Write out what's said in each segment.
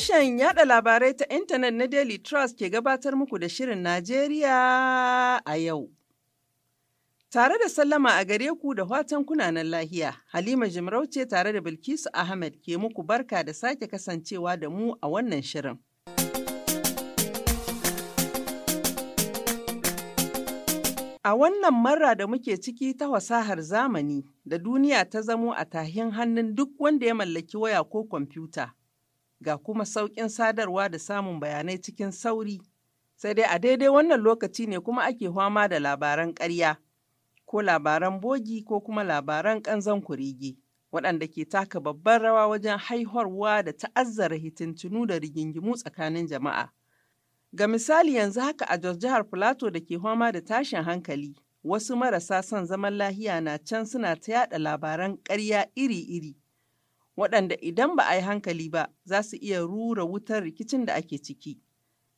Sashen yada labarai ta intanet na Daily Trust ke gabatar muku da Shirin Najeriya a yau. Tare da sallama a gare ku da watan kunanan lahiya, Halima Jimarauce tare da Bilkisu Ahmed ke muku barka da sake kasancewa da mu a wannan shirin. A wannan marra da muke ciki ta fasahar zamani da duniya ta zamo a tahin hannun duk wanda ya mallaki waya ko kwamfuta. ga kuma sauƙin sadarwa da samun bayanai cikin sauri. Sai dai a daidai wannan lokaci ne kuma ake fama da labaran ƙarya, ko labaran bogi ko kuma labaran ƙanzon kurege, waɗanda ke taka babban rawa wajen haihuwa da ta'azzara hitintunu da rigingimu tsakanin jama'a. Ga misali yanzu haka a Jos jihar Filato da ke fama da tashin hankali, wasu marasa son zaman lahiya na can suna ta yaɗa labaran ƙarya iri-iri. waɗanda idan ba a yi hankali ba za su iya rura wutar rikicin da ake ciki.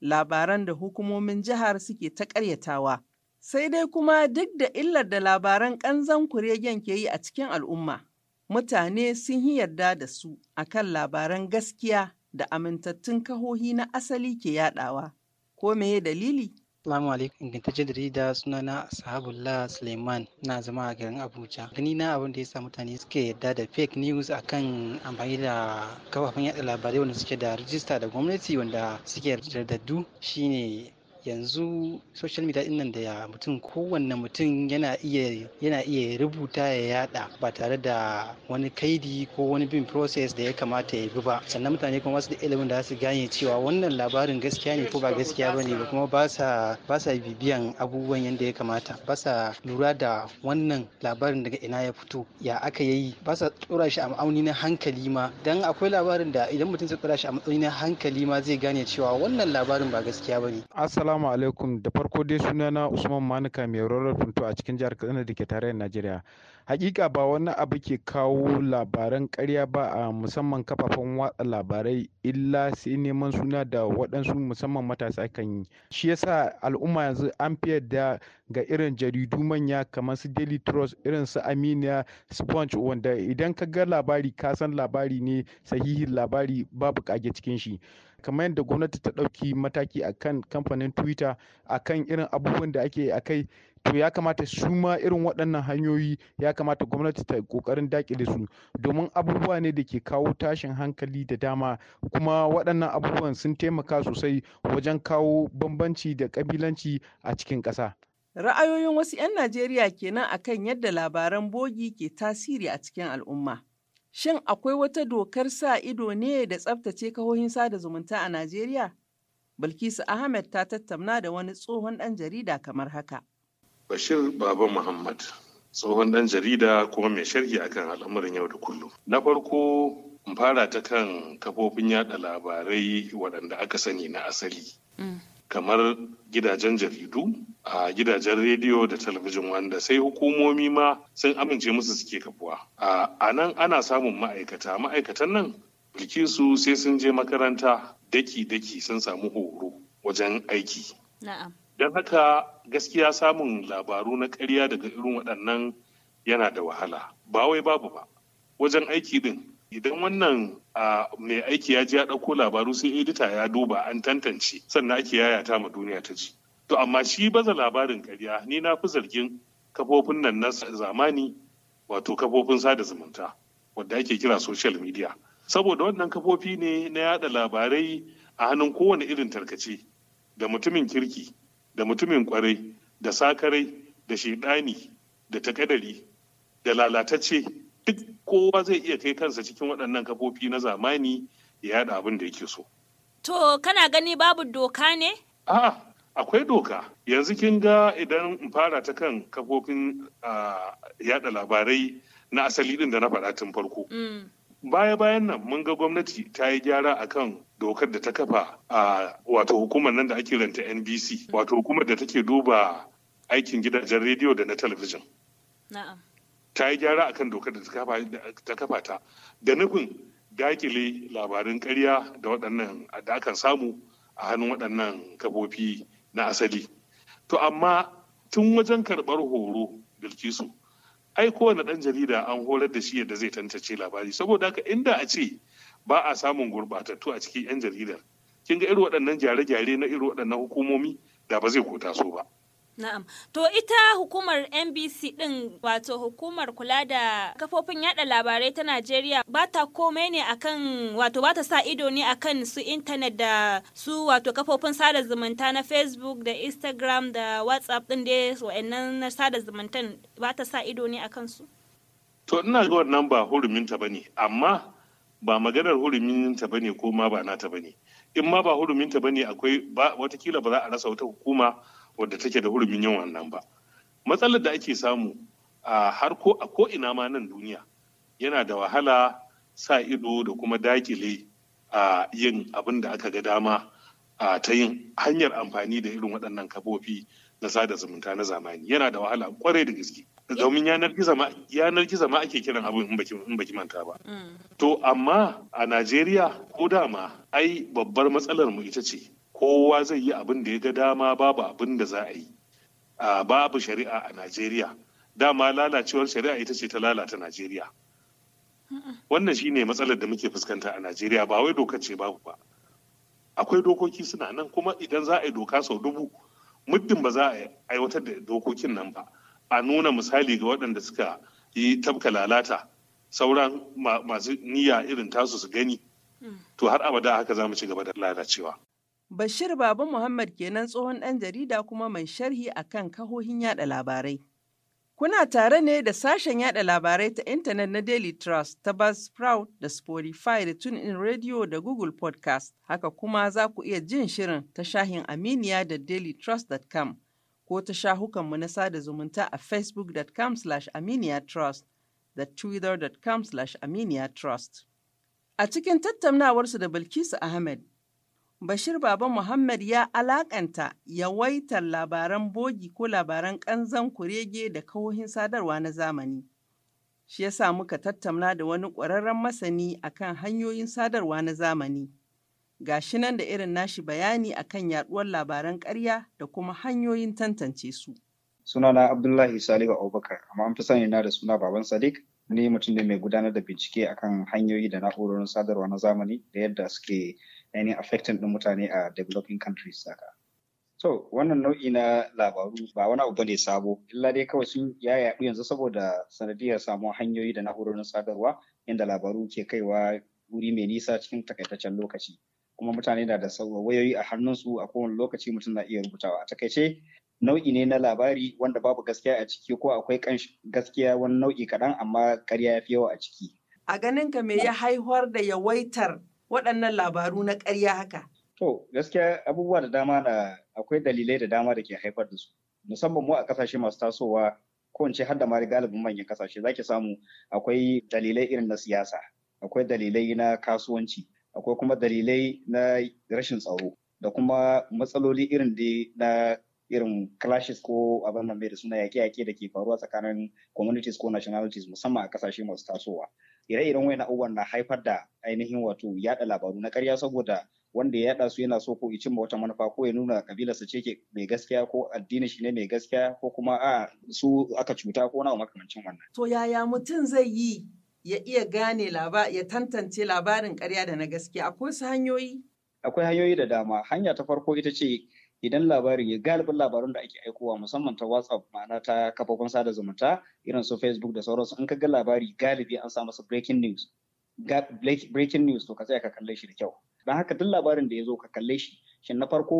Labaran da hukumomin jihar suke ta ƙaryatawa. Sai dai kuma duk da illar da labaran ƙanzan kuregen ke yi a cikin al'umma, mutane sun yi yarda da su akan labaran gaskiya da amintattun kahohi na asali ke yaɗawa. Ko meye dalili? Assalamu alaikum ingantaccen jarida sunana Sahabullah Suleiman na zama a garin Abuja. Gani na abin da ya sa mutane suke yadda da fake news a kan amfani da kafafen yada labarai wanda suke da rijista da gwamnati wanda suke da daddu shine yanzu social media din nan da ya mutum kowanne mutum yana iya yana iya rubuta ya yada ba tare da wani kaidi ko wani bin process da ya kamata ya bi ba sannan mutane kuma su da ilimin da su gane cewa wannan labarin gaskiya ne ko ba gaskiya bane ba kuma ba sa ba sa bibiyan abubuwan yanda ya kamata ba sa lura da wannan labarin daga ina ya fito ya aka yi ba sa tsura shi a ma'auni na hankali ma dan akwai labarin da idan mutum zai tsura shi a ma'auni na hankali ma zai gane cewa wannan labarin ba gaskiya bane. Assalamu alaikum da farko dai suna na Usman Manuka mai rawar funto a cikin jihar Katsina da ke tarayyar Najeriya. Hakika ba wani abu ke kawo labaran karya ba a musamman kafafen watsa labarai illa sai neman suna da waɗansu musamman matasa kan yi. Shi yasa al'umma yanzu an fi yadda ga irin jaridu manya kamar su Daily Trust irin su Aminiya Sponge wanda idan ka ga labari ka san labari ne sahihin labari babu kage cikin shi. kamar yadda gwamnati ta ɗauki mataki a kan kamfanin twitter a kan irin abubuwan da ake a kai to ya kamata su ma irin waɗannan hanyoyi ya kamata gwamnati ta ƙoƙarin daƙile su domin abubuwa ne da ke kawo tashin hankali da dama kuma waɗannan abubuwan sun taimaka sosai wajen kawo bambanci da ƙabilanci a cikin ƙasa. Ra'ayoyin wasu 'yan Najeriya kenan akan yadda labaran bogi ke tasiri a cikin al'umma. Shin akwai wata dokar sa ido ne da tsabtace kahohin sada zumunta a Najeriya? Bilkisu Ahmed ta tattauna da wani tsohon ɗan jarida kamar haka. Bashir Baba Muhammad, tsohon ɗan jarida kuma mai sharhi akan al'amuran yau da kullum. Na farko fara ta kan kafofin yada labarai waɗanda aka sani na asali. Mm. kamar gidajen jaridu a gidajen rediyo da talabijin wanda sai hukumomi ma sun amince musu suke kafuwa a nan ana samun ma'aikata ma'aikatan nan bilkisu sai sun je makaranta daki-daki sun samu horo wajen aiki don haka gaskiya samun labaru na karya daga irin waɗannan yana da wahala ba wai babu ba wajen aiki din idan wannan mai aiki ya ji ya ɗauko labaru sai edita ya duba an tantance sannan ake yayata ma duniya ta ji to amma shi baza labarin karya ni na fi zargin kafofin nan na zamani wato kafofin sada zumunta wadda ake kira social media saboda wannan kafofi ne na yada labarai a hannun kowane irin tarkace da mutumin kirki da mutumin kwarai da sakarai da shaidani da takadari da lalatacce duk kowa zai iya kai kansa cikin waɗannan kafofi na zamani ya yada abin da yake so. To kana gani babu doka ne? A'a, akwai doka. Yanzu kin ga idan in fara ta kan kafofin yada labarai na asali ɗin da na faɗa tun farko. Mm. Baya-bayan nan mun ga gwamnati ta yi gyara akan dokar da ta kafa a wato hukumar nan da ake ranta NBC, wato hukumar da take duba aikin gidajen rediyo da na talabijin. ta yi gyara akan dokar da ta kafa ta da nufin dakile labarin karya da waɗannan da akan samu a hannun waɗannan kafofi na asali to amma tun wajen karɓar horo bilkisu ai kowane ɗan jarida an horar da shi yadda zai tantance labari saboda haka inda a ce ba a samun gurɓatattu a cikin 'yan jaridar kin ga irin waɗannan gyare-gyare na irin waɗannan hukumomi da ba zai kota so ba Na'am. To ita hukumar NBC din wato hukumar kula da kafofin yada labarai ta Najeriya ba ta komai ne akan wato ba ta sa ido ne akan su intanet da su wato kafofin sada zumunta na Facebook da Instagram da WhatsApp din dai wa'annan na sada zumuntan ba ta sa ido ne akan su. To ina ga wannan ba huruminta bane amma ba maganar huruminta bane ko ma ba nata bane. In ma ba huruminta bane akwai ba watakila ba za a rasa wata hukuma wadda take da hurumin yin wannan ba matsalar da ake samu a har ko a ko ina ma nan duniya yana da wahala sa ido da kuma dakile a yin abin da aka ga dama a ta yin hanyar amfani da irin waɗannan kafofi na sada zumunta na zamani yana da wahala kwarai da gaske domin yanar gizo ma ake kiran abin in baki manta ba mm. to amma a najeriya ko dama ai babbar matsalar mu ita ce kowa zai yi abin da ya ga dama babu abin da za a yi babu shari'a a najeriya dama lalacewar shari'a ita ce ta lalata najeriya wannan shine matsalar da muke fuskanta a najeriya ba wai doka ce babu ba akwai dokoki suna nan kuma idan za a yi doka sau dubu muddin ba za a aiwatar da dokokin nan ba a nuna misali ga waɗanda suka yi tabka lalata sauran masu niyya irin tasu su gani to har abada haka za mu ci gaba da lalacewa Bashir Baba Muhammad kenan tsohon ɗan jarida kuma mai sharhi a kan kahohin yada labarai. Kuna tare ne da sashen yada labarai ta intanet na Daily Trust ta Buzzsprout da Spotify da TuneIn Radio da Google Podcast. Haka kuma za ku iya jin shirin ta shahin Aminiya da dailytrust.com ko ta shahukanmu na sada zumunta a facebook.com trust da twitter.com trust A cikin tattaunawarsu da Bilkisu Ahmed, Bashir Baba Muhammad ya alakanta yawaitar labaran bogi ko labaran ƙanzan kurege da kawohin sadarwa na zamani. Shi ya sa muka tattauna da wani ƙwararren masani akan hanyoyin sadarwa na zamani. Ga shi nan da irin nashi bayani akan yaduwar labaran karya da kuma hanyoyin tantance su. Sunana Abdullahi Salihu Abubakar, amma an fi sani na da suna Baban Sadiq. Ni mutum ne mai gudanar da bincike akan hanyoyi da na'urorin sadarwa na zamani da yadda suke ainihin affecting din mutane a developing countries saka. So wannan nau'i na labaru ba wani abu bane sabo, illa dai kawai sun ya yaɗu yanzu saboda sanadiyar samun hanyoyi da na'urorin sadarwa inda labaru ke kaiwa wuri mai nisa cikin takaitaccen lokaci. Kuma mutane na da wayoyi a hannunsu a kowane lokaci mutum na iya rubutawa. A takaice nau'i ne na labari wanda babu gaskiya a ciki ko akwai gaskiya wani nau'i kaɗan amma karya ya fi yawa a ciki. A ganin ka me ya haihuwar da yawaitar waɗannan labaru na ƙarya haka? To, gaskiya abubuwa da dama na akwai dalilai da dama da ke haifar da su. Musamman mu a kasashe masu tasowa ko in ce har da ma galibin manyan kasashe zaki samu akwai dalilai irin na siyasa, akwai dalilai na kasuwanci, akwai kuma dalilai na rashin tsaro da kuma matsaloli irin da na irin clashes ko abin mai da suna yaƙe-yaƙe da ke faruwa tsakanin communities ko nationalities musamman a kasashe masu tasowa. ire-iren wayan abubuwan na haifar da ainihin wato yada labaru na ƙarya saboda wanda ya yada su yana so ko ma wata manufa ko ya nuna kabilarsa ce ke mai gaskiya ko addinin shi ne mai gaskiya ko kuma a su aka cuta ko na makamancin wannan. To yaya mutum zai yi ya iya gane ya tantance labarin ƙarya da na gaskiya akwai su hanyoyi? Akwai hanyoyi da dama hanya ta farko ita ce idan labarin ya galibin labarun da ake aikowa musamman ta whatsapp ma'ana ta kafofin sada zumunta irin su facebook da sauransu in ka ga labari galibi an samu su breaking news breaking news to ka tsaya ka kalle shi da kyau don haka duk labarin da ya zo ka kalle shi shin na farko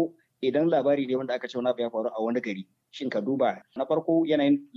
idan labari ne wanda aka ce wani abu ya faru a wani gari shin ka duba na farko yanayin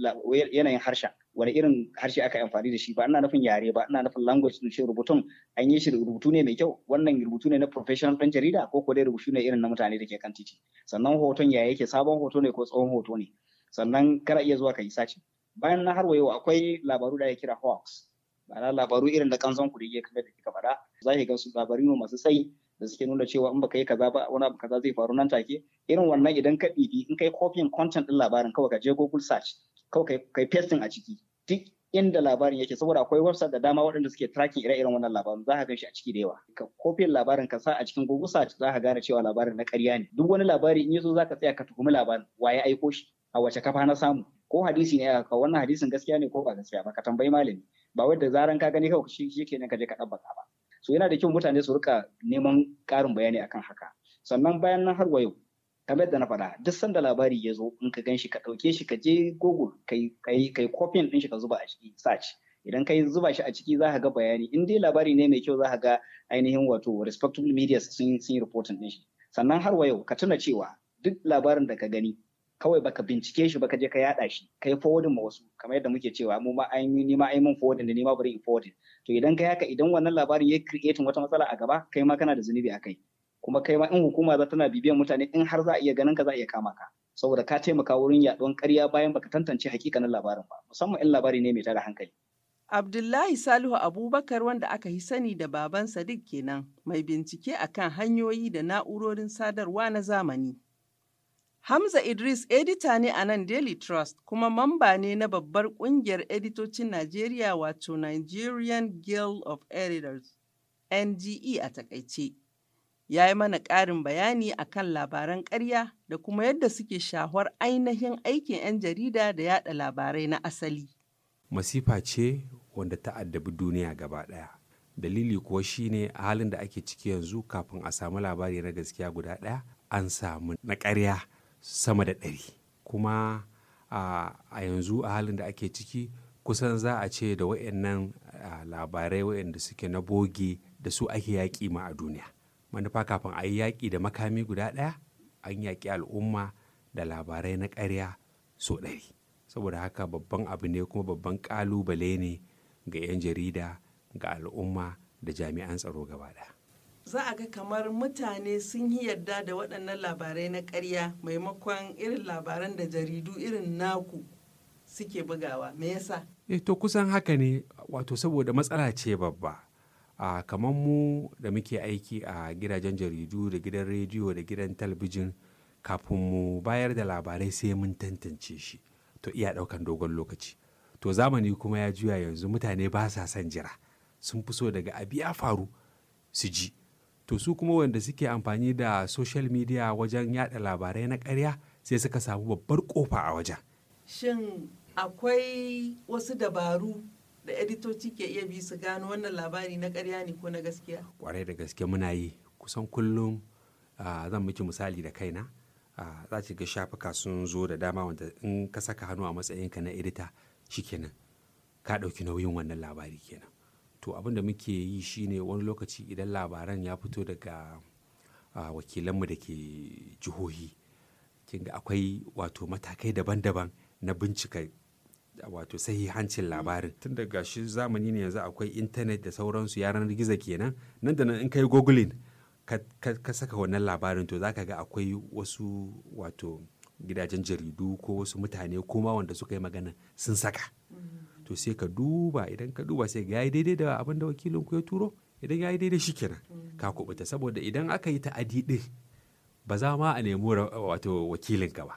yanayin harshen wani irin harshe aka amfani da shi ba ina nufin yare ba ina nufin language din shi rubutun an yi shi rubutu ne mai kyau wannan rubutu ne na professional ɗan jarida ko ko dai rubutu ne irin na mutane da ke kan titi sannan hoton ya yake sabon hoto ne ko tsawon hoto ne sannan kana iya zuwa ka yi sace bayan na har akwai labaru da ya kira hawks ba labaru irin da kanzon da ya kamar da kika faɗa za ki ga su labaru masu sai? da suke nuna cewa in baka yi kaza ba wani abu kaza zai faru nan take irin wannan idan ka ɗiɗi in kai kofin content din labarin kawai ka je Google search kawai kai pasting a ciki duk inda labarin yake saboda akwai website da dama waɗanda suke tracking ire-iren wannan labarin za ka gan shi a ciki da yawa ka kofin labarin ka sa a cikin Google search za ka gane cewa labarin na ƙarya ne duk wani labari in yazo za ka tsaya ka tuhumi labarin waye aiko shi a wace kafa na samu ko hadisi ne ka wannan hadisin gaskiya ne ko ba gaskiya ba ka tambayi malami ba wanda zaran ka gani kawai shi kenan ka je ka ɗabbaka ba so yana da kyau mutane su rika neman karin bayani akan haka sannan bayan nan har wayo kamar yadda na faɗa duk sanda labari ya zo in ka gan shi ka ɗauke shi ka je google kai kofin din shi ka zuba a ciki search idan kai zuba shi a ciki za ka ga bayani in dai labari ne mai kyau za ka ga ainihin wato respectable media sun yi reporting din shi sannan har yau ka tuna cewa duk labarin da ka gani kawai baka bincike shi baka je ka yada shi ka yi forwarding ma wasu kamar yadda muke cewa mu ma an yi ni ma ai mun forwarding da ni ma bari in forwarding to idan kai haka idan wannan labarin ya creating wata matsala a gaba kai ma kana da zunubi a kai kuma kai ma in hukuma za tana bibiyan mutane in har za a iya ganin ka za a iya kama ka saboda ka taimaka wurin yaduwan karya bayan baka tantance hakikanin labarin ba musamman in labari ne mai tada hankali Abdullahi Salihu Abubakar wanda aka yi sani da baban Sadiq kenan mai bincike akan hanyoyi da na'urorin sadarwa na zamani. Hamza Idris edita ne a nan Daily Trust kuma mamba ne na babbar kungiyar editocin Najeriya wato Nigerian Guild of Editors NGE a takaice. Ya yi mana ƙarin bayani a kan labaran ƙarya da kuma yadda suke shahwar ainihin aikin 'yan jarida da yada labarai na asali. Masifa ce wanda ta addabi duniya gaba ɗaya. Dalili kuwa shine a halin da ake ciki yanzu kafin a samu labari na gaskiya guda ɗaya an samu na ƙarya. sama da ɗari kuma a yanzu a halin da ake ciki kusan za a ce da wa'annan labarai wa'anda suke na boge da su ake yaƙi ma a duniya manufa kafin a yi yaƙi da makami guda ɗaya an yaƙi al'umma da labarai na ƙarya so ɗari saboda haka babban abu ne kuma babban ƙalubale ne ga 'yan jarida ga al'umma da jami'an tsaro gaba ɗaya za a ga kamar mutane sun yi yadda da waɗannan labarai na ƙarya maimakon irin labaran da jaridu irin naku suke bugawa me yasa e to kusan haka ne wato saboda matsala ce babba a kamar mu da muke aiki a gidajen jaridu da gidan rediyo da gidan talabijin kafin mu bayar da labarai sai mun tantance shi to iya ɗaukan dogon lokaci to zamani kuma ya juya yanzu mutane ba sa son jira sun fi so daga abi ya faru su ji to su kuma wanda suke amfani da social media wajen yada labarai na karya sai suka samu babbar kofa a wajen shin akwai wasu dabaru da editoci ke iya bi su gano wannan labari na karya ne ko na gaskiya kwarai da gaske muna yi kusan kullum zan miki misali da kaina za ki ga shafuka sun zo da dama wanda in ka saka hannu a matsayinka na edita shi kenan ka ɗauki nauyin wannan labari kenan to abin da muke yi shine wani lokaci idan labaran ya fito daga wakilanmu da ke jihohi kin ga akwai wato matakai daban-daban na bincika wato sahihancin labarin tun daga shi zamani ne yanzu akwai intanet da sauransu yaran gizo kenan nan da nan in kai googling ka saka wannan labarin to zaka ga akwai wasu wato gidajen jaridu ko wasu mutane ko ma wanda suka yi magana sun saka mm-hmm. to sai ka duba idan ka duba sai ga yayi daidai da abin da wakilin ku ya turo idan ya yi daidai shi kenan, ka kubuta saboda idan aka yi ta'adi din ba za ma a nemi wato wakilin ka ba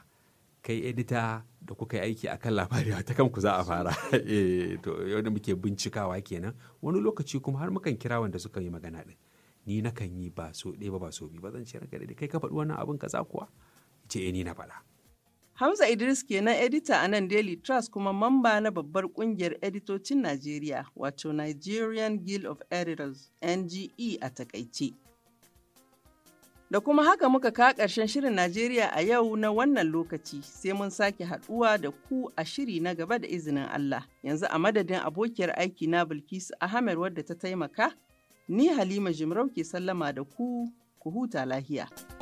kai edita da kuka yi aiki akan labari ta kanku za a fara eh, to yadda muke bincikawa kenan wani lokaci kuma har mukan kira wanda suka yi magana din ni na kan yi ba so ɗaya ba ba so biyu ba zan ce ranka kai ka faɗi wannan abin kaza kuwa ce eh, ni na faɗa Hamza Idris kenan edita a nan Daily Trust kuma mamba na babbar kungiyar editocin Najeriya wato Nigerian Guild of Editors NGE a takaice. Da kuma haka muka ka ƙarshen shirin Najeriya a yau na wannan lokaci sai mun sake haɗuwa da ku a shiri na gaba da izinin Allah. Yanzu a madadin abokiyar aiki na Bilkisu Ahmed wadda ta taimaka, ni Halima Jimarau ke sallama da ku, ku huta lahiya.